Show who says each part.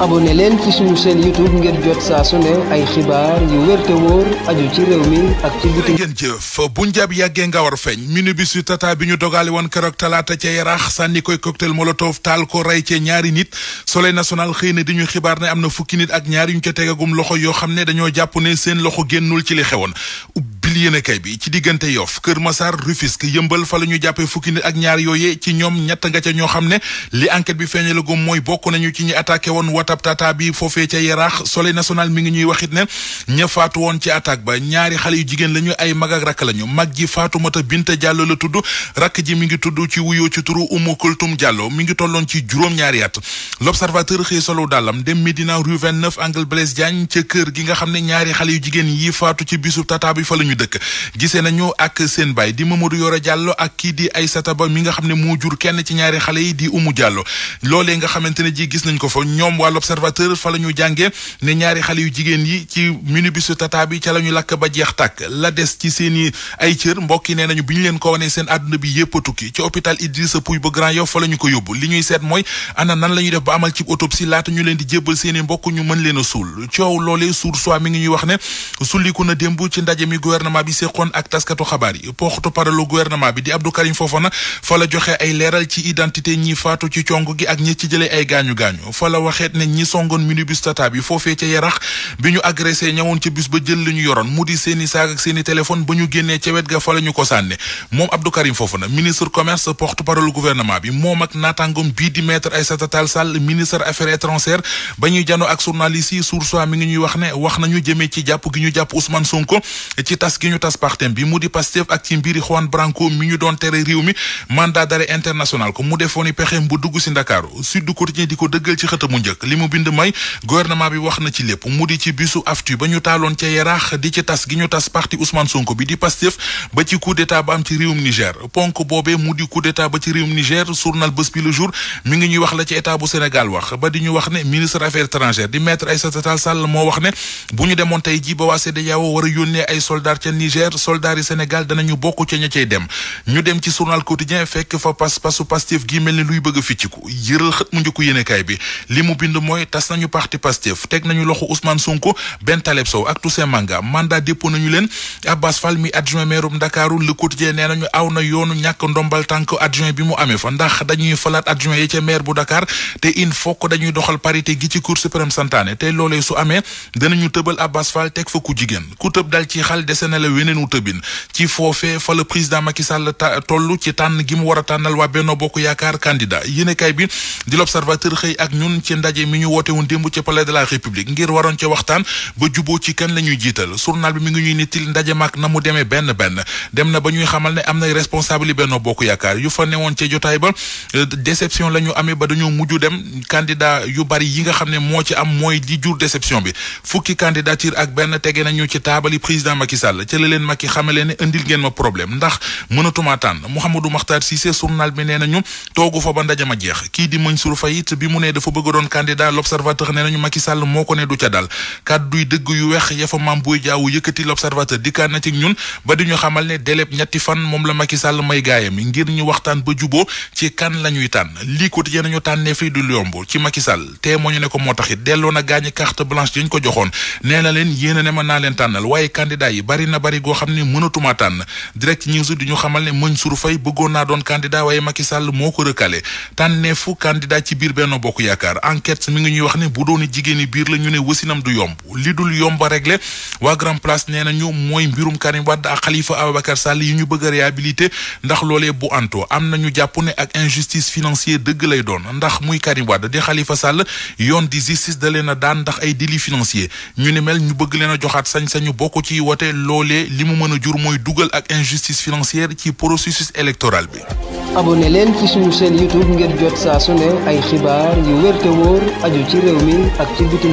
Speaker 1: abonné leen ci suñu chaîne YouTube ngir jot saa su ay xibaar yu wér te aju ci réew mi ak ci biti ngeen jëf bu njab yàggee nga war feeñ minibus yu tata bi ñu dogaale woon keroog talaata ca yarax sànni koy cocktail molotov taal ko rey ci ñaari nit soleil national xëy na di ñu xibaar ne am na fukki nit ak ñaar yu ñu ca tegagum loxo yoo xam ne dañoo jàpp ne seen loxo génnul ci li xewoon ubbil yéenekaay bi ci diggante Yoff Kër Massar Rufisque yëmbal fa ñu jàppee fukki nit ak ñaar yooyee ci ñoom ñett nga ca ñoo xam ne li enquête bi feeñale gum mooy bokk nañu ci ñi attaqué woon watab tata bi foofee ca Yaraax Soleil national mi ngi ñuy waxit ne ña faatu woon ci attaque ba ñaari xale yu jigéen lañu ay mag ak rakk lañu mag ji Faatumata Binta Diallo la tudd rakk ji mi ngi tudd ci wuyoo ci turu Umu Kultum Diallo mi ngi tolloon ci juróom-ñaari at L'Observateur dëkk gisee nañu ak seen baay di Mamadou Yoro Diallo ak kii di Aïssata Ba mi nga xam ne moo jur kenn ci ñaari xale yi di Oumou Diallo loolee nga xamante ne ji gis nañ ko fa ñoom waa l'Observateur fa la ñu jàngee ne ñaari xale yu jigéen yi ci minibusu tata bi ca la lakk ba jeex tàkk la des ci seen i ay cër mbokk yi nee nañu bi ñu leen ko wanee seen àdduna bi yépp a tukki ci hôpital Idrissa Pouye ba Grand Yoff fa la ñu ko yóbbu li ñuy seet mooy ana nan la ñuy def ba amal ci autopsie laata ñu leen di ñu mën leen a suul mi ngi ñuy wax ne sulliku na démb gouvernement bi séqoon ak taskatu xabaar yi porte-parole gouvernement bi di Abdou Karim Fofana fa la joxe ca ñu agressé ñawoon ci bus ba jël li ñu yoroon mu di seeni saag seeni téléphone ba ñu génnee ca wet ga fa la ñu ko sànne moom Abdou Karim Fofana ministre commerce porte-parole gouvernement bi moom ak naataangoom bii di maître Aïssata Tall Sall ministre affaires étrangères ba ñuy jano ak journaliste yi Source A ngi ñuy wax ne wax nañu jëmee ci jàpp gi ñu jàpp Ousmane Sonko ci tas tas gi ñu tas partem bi mu di Pastef ak ci mbiri Juan Branco mi ñu doon tere réew mi mandat d'arrêt international ko mu defoon i pexem bu dugg si Ndakaaru Sud Quotidien di ko dëggal ci xëtamu njëkk li mu bind may gouvernement bi wax na ci lépp mu di ci bisu aftu ba ñu taaloon ca yaraax di ci tas gi ñu tas parti Ousmane Sonko bi di Pastef ba ci coup d'état ba am ci réewum Niger ponk boobee mu di coup d'état ba ci réewum Niger journal Bës Bi Le Jour ngi a yónnee ay ca Niger soldaar yi Sénégal danañu bokk ca ña cay dem ñu dem ci journal quotidien fekk fa pas pasu Pastef gi mel luy bëgg a ficciku xët mu njëkku yéenekaay bi li mu bind mooy tas nañu parti Pastef teg nañu loxo Ousmane Sonko Ben Taleb Sow ak Toussaint Manga mandat dépôt nañu leen Abbas mi adjoint maire Ndakaaru Le Quotidien nee nañu aw na yoonu ñàkk ndombal tànk adjoint bi mu amee fa ndax dañuy falaat adjoint yi ca maire bu Dakar te in fokk gi ci Cour suprême santaane te loolee su la weneen wu tëbin ci foofee fa la président Macky Sall toll ci tànn gi mu war a tànnal waa Benno Bokk Yaakaar candidat yéenekaay bi di l'Observateur xëy ak ñun ci ndaje mi ñu woote woon démb ci palais de la République ngir waroon ci waxtaan ba juboo ci kan la ñuy jiital journal bi mi ngi ñuy nettil ndaje maak na mu demee benn benn dem na ba ñuy xamal ne am na responsable yi Benno Bokk Yaakaar yu fa newoon ci jotaay ba euh, déception la ñu amee ba dañoo mujj dem candidat yu bari yi nga xam ne moo ci am mooy di jur déception bi fukki candidature ak benn tege nañu ci taabali président Macky Sall ca la leen Macky xamale ne indil ngeen ma problème ndax mënatuma tànn Mouhamadou Makhtar Cissé journal bi nee nañu toogu fa ba ndaje ma jeex kii di Mansour Faye it bi mu ne dafa bëgg doon candidat l'observateur nee nañu Macky Sall moo ko ne du ca dal kàdduy dëgg yu weex yafa maam buy jaawu yëkkati l'observateur dikkaan na ci ñun ba di ñu xamal ne délai ñetti fan moom la Macky Sall may gaayam yi ngir ñu waxtaan ba juboo ci kan la ñuy tànn lii quotidien nañu tànnee fii du yomb ci Macky moo ñu ko moo tax it delloo na gaañi carte ko joxoon nee na leen yéen a ne naa leen tànnal waaye candidat yi bari na na bari goo xam ne mënatuma tànn direct news di ñu xamal ne Mansour Faye bëggoon naa doon candidat waaye Macky Sall moo ko recalé tànneefu candidat ci biir Benno Bokk Yaakaar enquête mi ngi ñuy wax ne bu doon jigéeni biir la ñu ne wasinam du yomb li dul yomb a réglé waa Grand Place nee nañu mooy mbirum Karim ak Khalifa Ababacar Sall yi ñu bëgg a réhabilité ndax loolee bu anto am nañu jàpp ne ak injustice financière dëgg lay doon ndax muy Karim da leen a daan ndax ay délit financier ñu ni a loolee li mu a jur mooy dugal ak injustice financière ci processus électoral bi. abonné leen ci suñu chaîne YouTube ngir jot saa su ne ay xibaar yu wér wóor aju ci réew mi ak ci bitim